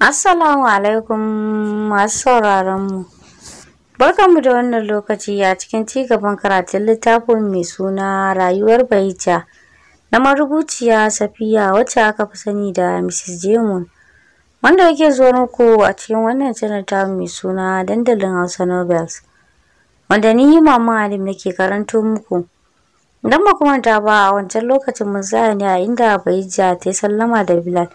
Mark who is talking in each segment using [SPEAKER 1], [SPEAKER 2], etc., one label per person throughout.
[SPEAKER 1] Assalamu alaikum masu sauraronmu. Barkanmu da wannan lokaci a cikin cigaban karatun littafin mai suna rayuwar bahija na marubuciya Safiya wacce aka fi sani da Mrs. Jemun wanda yake zuwa muku a cikin wannan channel mai suna dandalin Hausa Novels wanda ni Mama Alim nake karanto muku. Idan ba kuma ta ba a wancan lokacin mun tsaya ne a inda baija ta yi sallama da Bilal.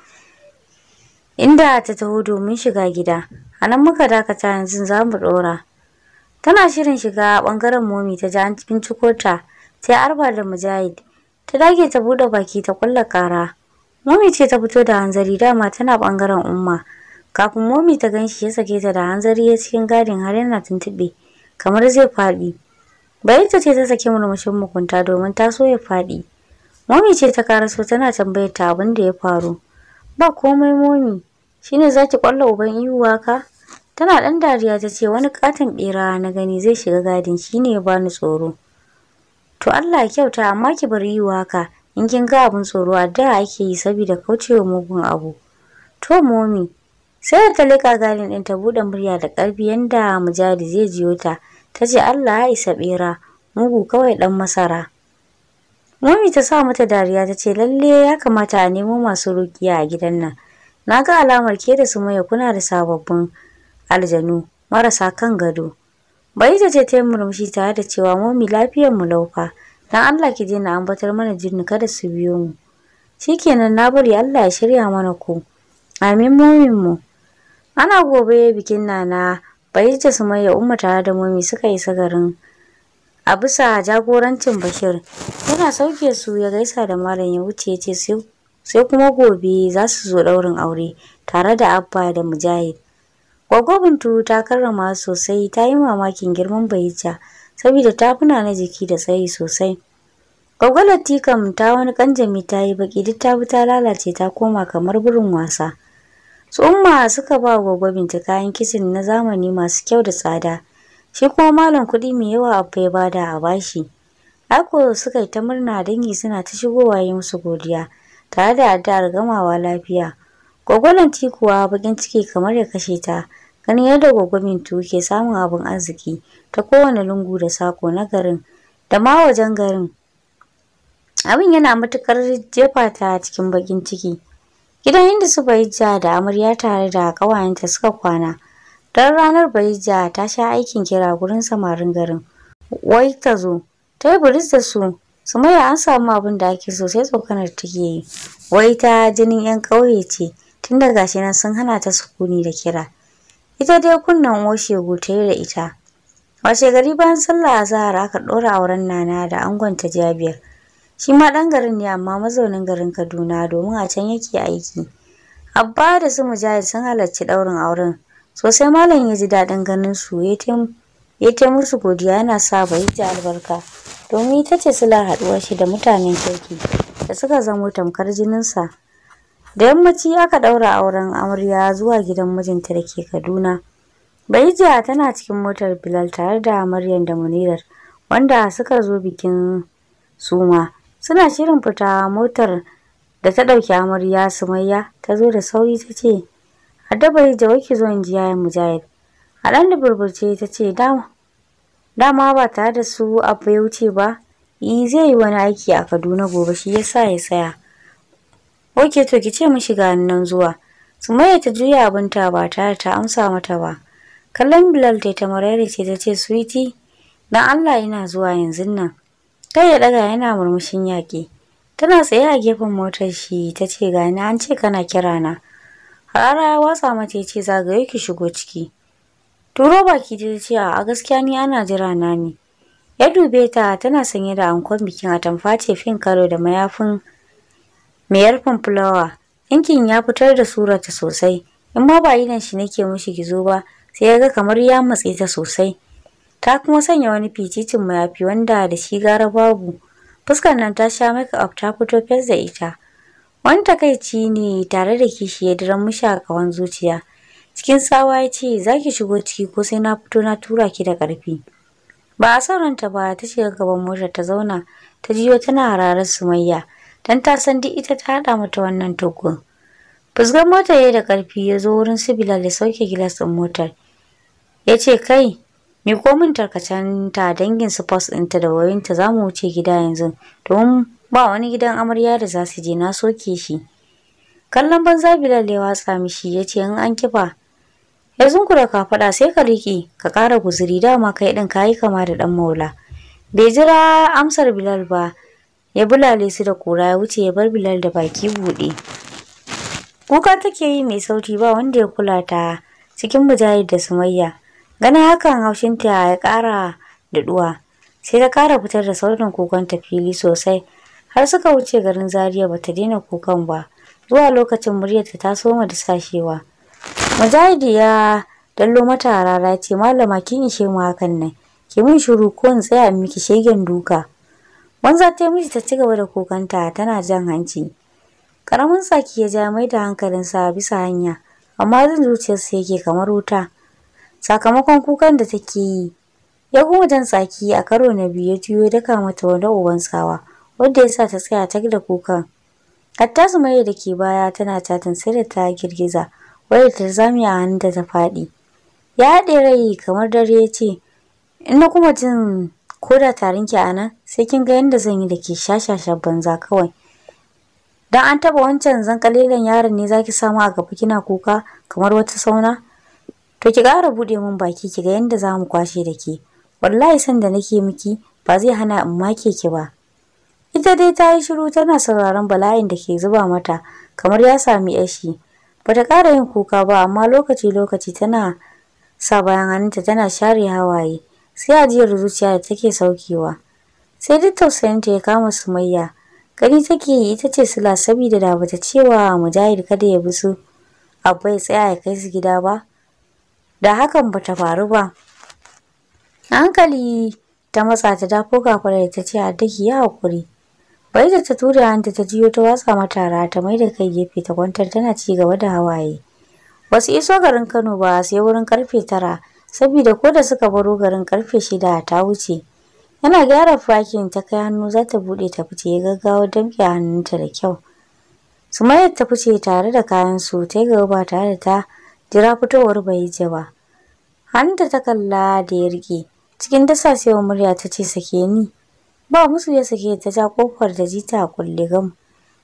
[SPEAKER 1] inda ta taho domin shiga gida. A nan muka dakata yanzu za mu ɗora. Tana shirin shiga ɓangaren momi ta ja binciko ta arba da mujahid. Ta dage ta buɗe baki ta kulla ƙara. Momi ce ta fito da hanzari dama tana ɓangaren umma. Kafin momi ta ganshi ya sake ta da hanzari ya cikin gadin har yana tuntuɓe kamar zai faɗi. ta ce ta sake murmushin mukunta domin ta so ya faɗi. Momi ce ta karaso tana tambayar ta abin da ya faru. Ba komai momi. shine zaki kwalla uban ihuwa ka tana dan dariya tace wani katon bera na gani zai shiga gadin shine ya bani tsoro to Allah ya kyauta amma ki bar ihuwa ka in kin ga abun tsoro a da ake yi saboda kaucewa mugun abu to momi sai ta leka gadin din ta bude murya da karfi yanda mujadi zai jiyo ta tace Allah ya isa bera mugu kawai dan masara Mami ta sa mata dariya tace ce lalle ya kamata a nemo masu rukiya a gidan nan Na ga alamar ke da Sumayya kuna da sababbin aljanu marasa kan gado. Baita ce ta yi murmushi tare da cewa mi lafiyar mu laufa. Dan Allah ki daina ambatar mana jinni kada su biyo mu. Shikenan na bari Allah ya shirya mana ku. Amin mumin mu. Ana gobe bikin nana Baita Sumayya Umma tare da momi suka yi garin a bisa jagorancin Bashir. Yana sauke su ya gaisa da malam ya wuce ya ce sai sai kuma gobe za su zo ɗaurin aure tare da abba da mujahid gwaggo bintu ta karrama sosai ta yi mamakin girman bayita saboda ta fi na jiki da tsayi sosai gwaggo latikam ta wani ƙanjami ta yi baki duk ta bi ta lalace ta koma kamar burin wasa su umma suka ba gwaggo bintu kayan kicin na zamani masu kyau da tsada shi kuma malam kuɗi mai yawa abba ya bada a bashi Ako suka yi ta murna dangi suna ta shigowa yi musu godiya. tare da addu'ar gamawa lafiya. ti kuwa bakin ciki kamar ya kashe ta, ganin yadda tuwo ke samun abin arziki ta kowane lungu da sako na garin da ma wajen garin. Abin yana matukar jefa ta cikin bakin ciki. Gidan inda su Bahijja da amarya tare da ƙawayenta suka kwana. Don ranar Bahijja ta sha aikin kira gurin samarin garin. Wai ta zo, ta yi da su Sumayya an samu abin da ake so sai tsokanar take yi. Wai ta jinin 'yan ƙauye ce, tun da gashi nan sun hana ta sukuni da kira. Ita dai kunnan washe gotaye da ita. Washe gari bayan sallah a zahar aka ɗora auren Nana da angon ta jabiyar Shi ma ɗan garin ne amma mazaunin garin Kaduna domin a can yake aiki. Abba da su Mujahid sun halarci ɗaurin auren. Sosai malam ya ji daɗin ganin su ya ta musu godiya yana sa bai ji albarka. domin ita ce silar haɗuwar shi da mutanen kirki da suka zamo tamkar jininsa da yammaci aka ɗaura auren amarya zuwa gidan mijinta da ke kaduna Baijiya tana cikin motar Bilal tare da Maryam da Munirar wanda suka zo bikin suma. Suna shirin fita motar da ta ɗauki amarya Sumayya ta zo da sauri ta ce, a dabari waki zo in ji yayin Mujahid. A ɗan da burburce ta ce dama dama ba tare da su abu ya wuce ba yi zai yi wani aiki a kaduna gobe shi ya sa ya saya oke to ki ce mu ga nan zuwa sumayya ta juya abinta ba tare ta amsa mata ba kallon bilal ta ta marayar ce ta ce suwiti dan allah yana zuwa yanzu nan kai ya daga yana murmushin yaƙi tana tsaye a gefen motar shi ta ce gani an ce kana kira na harara ya watsa mata ya ce zagaye ki shigo ciki turo baki ta ce a gaskiya ni ana jira na ne ya dube ta tana sanye da ankon bikin atamfa ce fin karo da mayafin mayarfin fulawa yankin ya fitar da surata sosai in ma ba idan shi nake mushi gizo ba sai ya ga kamar ya matsi ta sosai ta kuma sanya wani fititin mayafi wanda da shi gara babu fuskar nan ta sha make up ta fito fes da ita wani takaici ne tare da kishi ya diran mushi a kawan zuciya Cikin tsawa ya ce, za ki shigo ciki ko sai na fito na tura ki da ƙarfi. Ba a son ranta ba ta shiga gaban motar ta zauna ta jiyo tana hararar sumayya don ta san duk ita ta haɗa mata wannan tukun. Fuskar motar ya da ƙarfi ya zo wurin sibila da sauke gilas ɗin motar. Ya ce kai miko komin tarkacenta dangin su fos ɗinta da wayinta za mu wuce gida yanzu domin ba wani gidan amarya da za su je na soke shi. Kallon banza Bilal ya watsa mishi ya ce in an kifa ya ka kafaɗa sai ka riki, ka ƙara guzuri dama kai ɗin kayi kama da ɗan maula bai jira amsar bilal ba ya bulale su da kura ya wuce ya bar bilal da baki buɗe kuka take yi mai sauti ba wanda ya kula ta cikin mujahid da sumayya ganin hakan haushinta ya ƙara duwa, sai ta ƙara fitar da sautin kukan ta fili sosai har suka wuce garin Zaria bata daina kukan ba zuwa lokacin muryar ta soma da sashewa Majadiya ya dallo mata ce malama kin ishe mu hakan nan. Ki mun shiru ko in tsaya in miki shegen duka. Banza ta miji ta ci gaba da kokanta tana jan hanci. Karamin saki ya ja mai da sa bisa hanya amma zan sa yake kamar wuta. Sakamakon kukan da take yi ya kuma jan tsaki a karo na biyu ya juyo daka mata wani uban sawa, wanda ya sa ta tsaya ta gida kukan. Hatta Sumayya da ke baya tana catin sai da ta girgiza wadda ta zame a da ta faɗi. Ya haɗe rai kamar dare ya ce, Ina kuma jin ko da tarin ki a nan sai kin ga yadda zan yi da ke shashasha banza kawai. Don an taɓa wancan zan ƙalilan yaron ne zaki samu a gaba kina kuka kamar wata sauna. To ki ƙara buɗe min baki ki ga yadda za mu kwashe da ke. Wallahi san da nake miki ba zai hana in make ki ba. Ita dai ta yi shiru tana sauraron bala'in da ke zuba mata kamar ya sami yashi. Bata ƙara yin kuka ba amma lokaci-lokaci tana sa bayan hannunta tana share hawaye sai ajiyar zuciya da take saukewa. Sai duk tausayinta ya kama Sumayya. Gani take yi ita ce sila saboda da bata cewa Mujahid kada ya bi su Abba ya tsaya ya kai su gida ba. Da hakan bata faru ba. hankali ta matsa ta dafo da ta ce a daki ya haƙuri. Baiza ta tura hanta ta jiyo ta watsa mata ra ta mai da kai gefe ta kwantar tana ci gaba da hawaye. Wasu iso garin Kano ba sai wurin karfe tara saboda ko da suka baro garin karfe shida ta wuce. Yana gyara fakin ta kai hannu za ta buɗe ta fice ya gaggawa damƙe hannunta da kyau. Sumayya ta fice tare da kayan su ta gaba ba tare da ta jira fitowar Baija ba. Hannunta ta kalla da ya rike cikin dasa dasasewa murya ta ce sake ni. ba musu ya sake ta ja kofar da ji ta kulle gam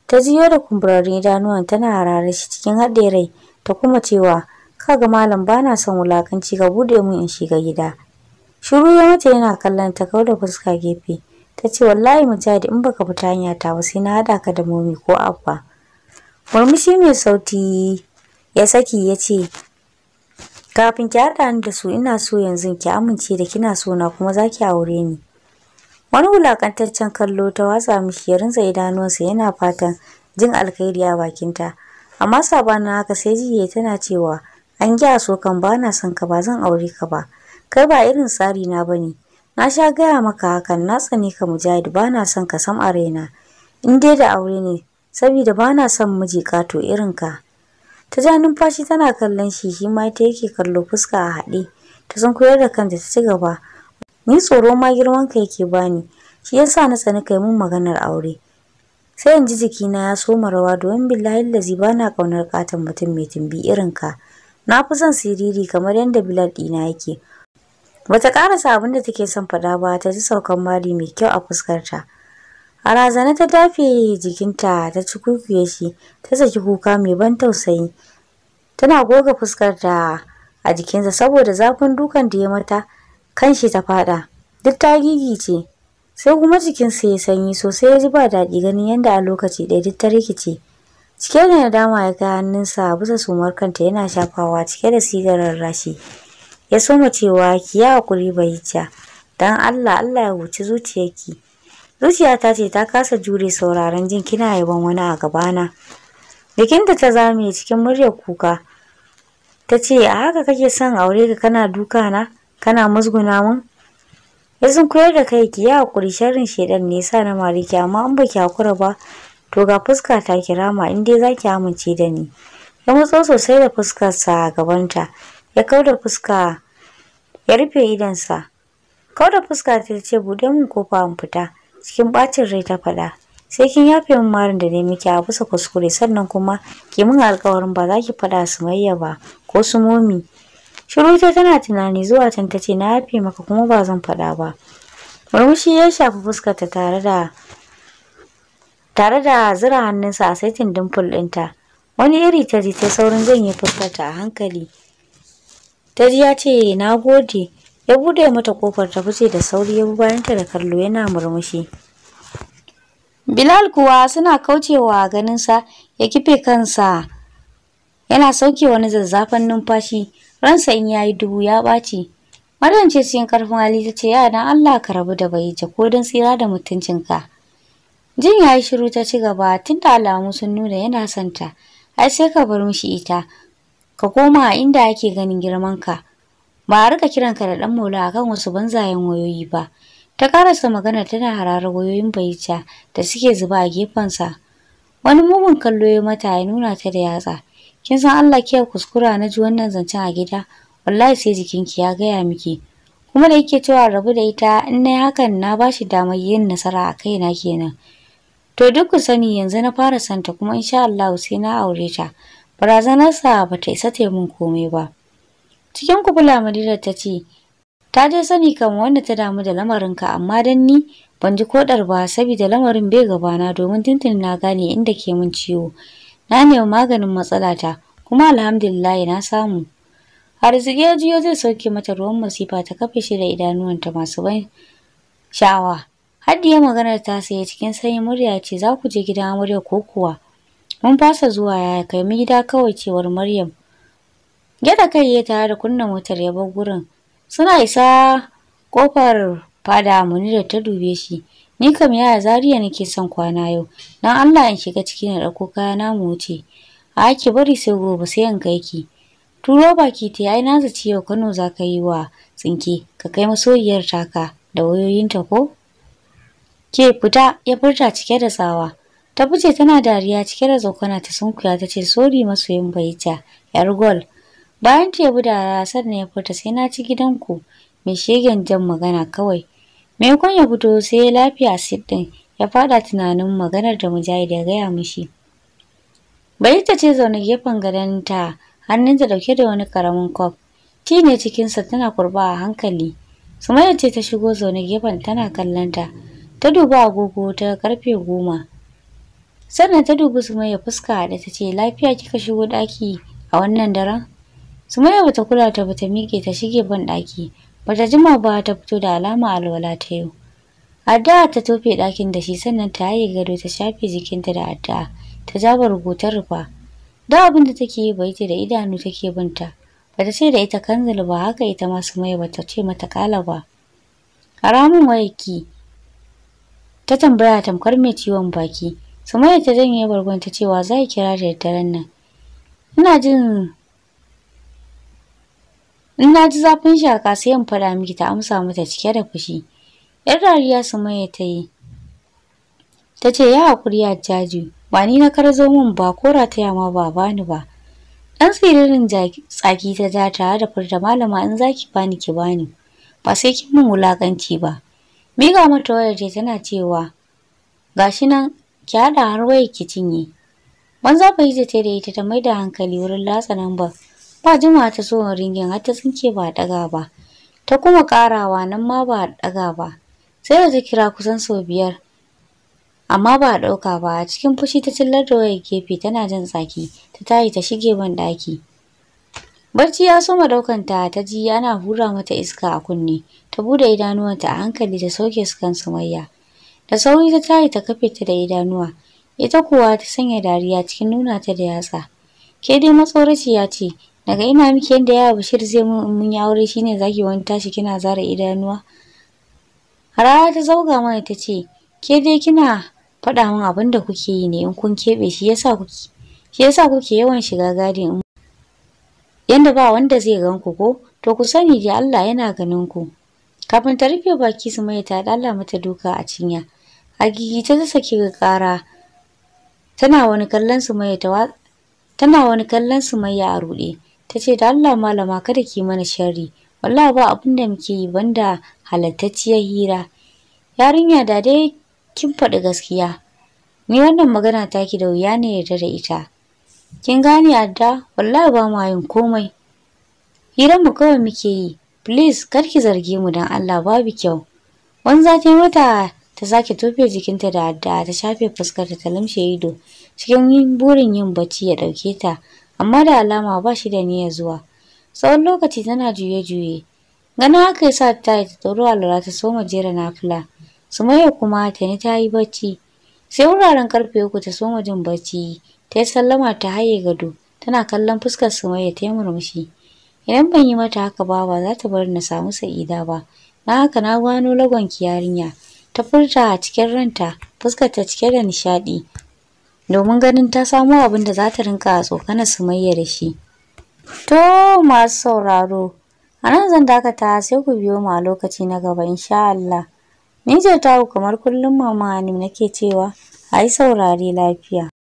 [SPEAKER 1] ta jiyo da kumburarren idanuwan tana harare shi cikin haɗe rai ta kuma cewa kaga malam bana son wulakanci ga bude mun in shiga gida shiru ya mata yana kallon ta kawo da fuska gefe ta ce wallahi mujadi in baka fita hanya ta ba sai na haɗa ka da momi ko abba murmushi mai sauti ya saki ya ce kafin ki haɗa ni da su ina so yanzu ki amince da kina so na kuma zaki aure ni wani wulakantaccen kallo ta watsa mishi ya rinza idanuwansa yana fatan jin alkhairi a bakinta amma sabanin haka sai jiye tana cewa an gya so kan ba na son ka ba zan aure ka ba kai ba irin tsari na bane na sha gaya maka hakan na tsani ka mujahid ba na son ka sam are na. in dai da aure ne saboda ba na son miji to irin ka ta ja numfashi tana kallon shi shi ma ta yake kallo fuska a haɗe ta san koyar da kanta ta ci gaba ni tsoro ma girman ka yake bani shi yasa na tsani kai mun maganar aure sai in ji jikina ya soma rawa don billahi lazi bana kaunar katan mutum mai tumbi irin ka na fi son siriri kamar yadda bilal ɗina yake bata karasa abin da take son faɗa ba ta ji saukan mari mai kyau a fuskarta a razana ta dafe jikinta ta ci kukuye shi ta saki kuka mai ban tausayi tana goga fuskarta a jikinsa saboda zafin dukan da ya mata kanshi ta faɗa duk ta gigice sai kuma jikinsa ya sanyi sosai ya ji ba daɗi ganin yadda a lokaci ɗaya duk ta rikice cike da nadama ya kai hannunsa a bisa sumar kanta yana shafawa cike da sigarar rashi ya soma cewa ki yi haƙuri bayicca don allah allah ya huci zuciyarki zuciyata ce ta kasa jure sauraron jin kina yaban wani a gabana jikinta ta zame cikin muryar kuka ta ce a haka kake son aure ka kana duka na kana musguna mun ya koyar da kai ki yi hakuri sharrin shedan ne yasa na mariki amma in baki hakura ba to ga fuska ta kirama in dai ki amince da ni ya matso sosai da fuskarsa a gabanta ya kauda fuska ya rufe idonsa kauda fuska ta ce buɗe min kofa in fita cikin ɓacin rai ta faɗa sai kin yafe min marin da ne miki a bisa kuskure sannan kuma ki min alƙawarin ba za ki faɗa su mayya ba ko su momi Shiru tana tunani zuwa can tace na yafe maka kuma ba zan faɗa ba. Murmushi ya shafi fuskarta tare da tare da zura hannunsa a saitin dimple ɗinta. Wani iri ta ji ta saurin yi fuskarta a hankali. Ta ji ya ce na gode ya buɗe mata kofar ta fice da sauri ya bi bayanta da kallo yana murmushi. Bilal kuwa suna kaucewa ganin sa ya kife kansa yana sauke wani zazzafan numfashi ransa in yayi dubu ya ɓaci Maryam ce cikin karfin hali ta ce yana Allah ka rabu da bayyana ko don tsira da mutuncinka Jin yayi shiru ta ci gaba da alamu sun nuna yana son ta ai sai ka bar mishi ita ka koma a inda ake ganin girmanka ba a rika kiranka da dan mola akan wasu banzayen wayoyi ba ta karasa magana tana hararar wayoyin bayyana da suke zuba a gefensa Wani mugun kallo ya mata ya nuna ta da yatsa. Kin san Allah ke kuskura na ji wannan zancen a gida. Wallahi sai jikinki ya gaya miki. Kuma da yake cewa rabu da ita in na hakan na bashi damar yin nasara a kaina kenan. To duk ku sani yanzu na fara santa kuma insha Allah sai na aure ta. Barazanarsa ba ta isa ta mun komai ba. Cikin kubula Madina ta ce, ta je sani kan wanda ta damu da lamarinka amma dan ni ban ji kodar ba saboda lamarin bai gabana domin tuntun na gane inda ke mun ciwo na nemi maganin matsalata kuma alhamdulillah na samu har ya jiyo zai sauke mata ruwan masifa ta kafe shi da idanuwanta masu ban sha'awa ya magana ta sai cikin sanyin murya ce za ku je gidan amarya ko kuwa mun fasa zuwa ya kai mu gida kawai cewar Maryam gyada kai ya tare da kunna motar ya bar gurin suna isa kofar Fada muni da ta dube shi. Ni kam yaya Zariya nake son kwana yau. Dan Allah in shiga ciki na ɗauko kaya na mu wuce. A ki bari sai gobe sai in kai ki. Turo baki ta yayi na zaci yau Kano za ka yi wa tsinke ka kai masoyiyar taka da wayoyin ta ko? Ke fita ya furta cike da tsawa. Ta fice tana dariya cike da tsokana ta sunkuya ta ce sori masoyin baita yar gol. Bayan ta yabu da rasar na ya furta sai na ci gidanku mai shegen jan magana kawai. maimakon ya fito sai ya lafiya sit ɗin ya faɗa tunanin maganar da mujahid ya gaya mishi barista ce zaune gefen gadonta hannunta dauke da wani karamin kwaf ti ne cikinsa tana kurba a hankali sumayya ce ta shigo zaune gefen tana kallonta ta duba agogo ta karfe goma sannan ta dubi sumayya fuska da ta ce lafiya kika shigo ɗaki a wannan daren Sumayya bata kula ta bata miƙe ta shige ban ɗaki. bata jima ba ta fito da alama alwala ta yau addu'a ta tofe ɗakin da shi sannan ta yi gado ta shafe jikinta da addu'a ta jaba rubutar rufa da abin da take yi bai ce da idanu take binta bata ce da ita kanzil ba haka ita ma mai bata ce mata kala ba haramun wayaki ta tambaya tamkar mai ciwon baki mai ta janye bargon ta cewa za ki kira da daren nan ina jin In na ji zafin shaka sai in fara miki ta amsa mata cike da fushi. ‘Yar dariya maye ta yi. Ta ce ya hakuri ya jaji, ba ni na karzo min ba ko rataya ma ba bani ba. Ɗan siririn tsaki ta ja tare da furta malama in za ki bani ki bani, ba sai kin min wulaƙanci ba. Miga mata wayar ce tana cewa, gashi nan ki haɗa har wayar ki cinye. Banza bai ta da ita ta mai da hankali wurin latsa lambar. ba jimawa ta zo ringin har ta tsinke ba ɗaga ba ta kuma karawa nan ma ba ɗaga ba sai da ta kira kusan sau biyar amma ba a ɗauka ba a cikin fushi ta cillar da wayar gefe tana jin tsaki ta tayi ta shige ban daki barci ya soma ɗaukanta ta ji ana hura mata iska a kunne ta bude idanuwanta a hankali ta sauke su kan sumayya da sauri ta tayi ta kafe ta da idanuwa ita kuwa ta sanya dariya cikin nuna ta da yatsa ke dai ya ce daga ina miki yanda yawa Bashir zai mun in mun yi aure shine zaki wani tashi kina zara idanuwa Harawa ta zauga mana ta ce ke dai kina faɗa min abin da kuke yi ne in kun keɓe shi yasa kuke shi yasa kuke yawan shiga gadin yanda ba wanda zai ganku ko to ku sani da Allah yana ganin ku kafin ta rufe baki su mai ta dalla mata duka a cinya agigi ta ta saki kara tana wani kallon su mai ta tana wani kallon su mai a ruɗe ta ce da Allah malama kada ki mana sharri wallahi ba abin da muke yi banda halattacciyar hira yarinya da dai kin faɗi gaskiya ni wannan magana ta ki da wuya ne yarda da ita kin gane adda wallahi ba ma yin komai hirar mu kawai muke yi please kar ki zarge mu dan Allah babu kyau wanza zaki mata ta sake tofe jikinta da adda ta shafe fuskarta ta lamshe ido cikin burin yin bacci ya ɗauke ta amma da alama ba shi da niyyar zuwa. Tsawon lokaci tana juye-juye. Ganin haka yasa ta yi ta tsoro alura ta soma jera nafila. Sumayya kuma ta tani ta yi bacci. Sai wuraren karfe uku ta soma jin bacci. Ta yi sallama ta haye gado. Tana kallon fuskar Sumayya ta yi murmushi. Idan ban yi mata haka ba ba za ta bari na samu sa'ida ba. Na haka na gano lagon ki yarinya. Ta furta a cikin ranta, fuskar ta cike da nishaɗi. domin ganin ta samo abin da za ta rinka a tsokana sumayya da shi. To masu sauraro, a nan zan dakata sai ku biyo mu a lokaci na gaba insha Allah. Ni ta kamar kullum mama nake cewa, a yi saurare lafiya.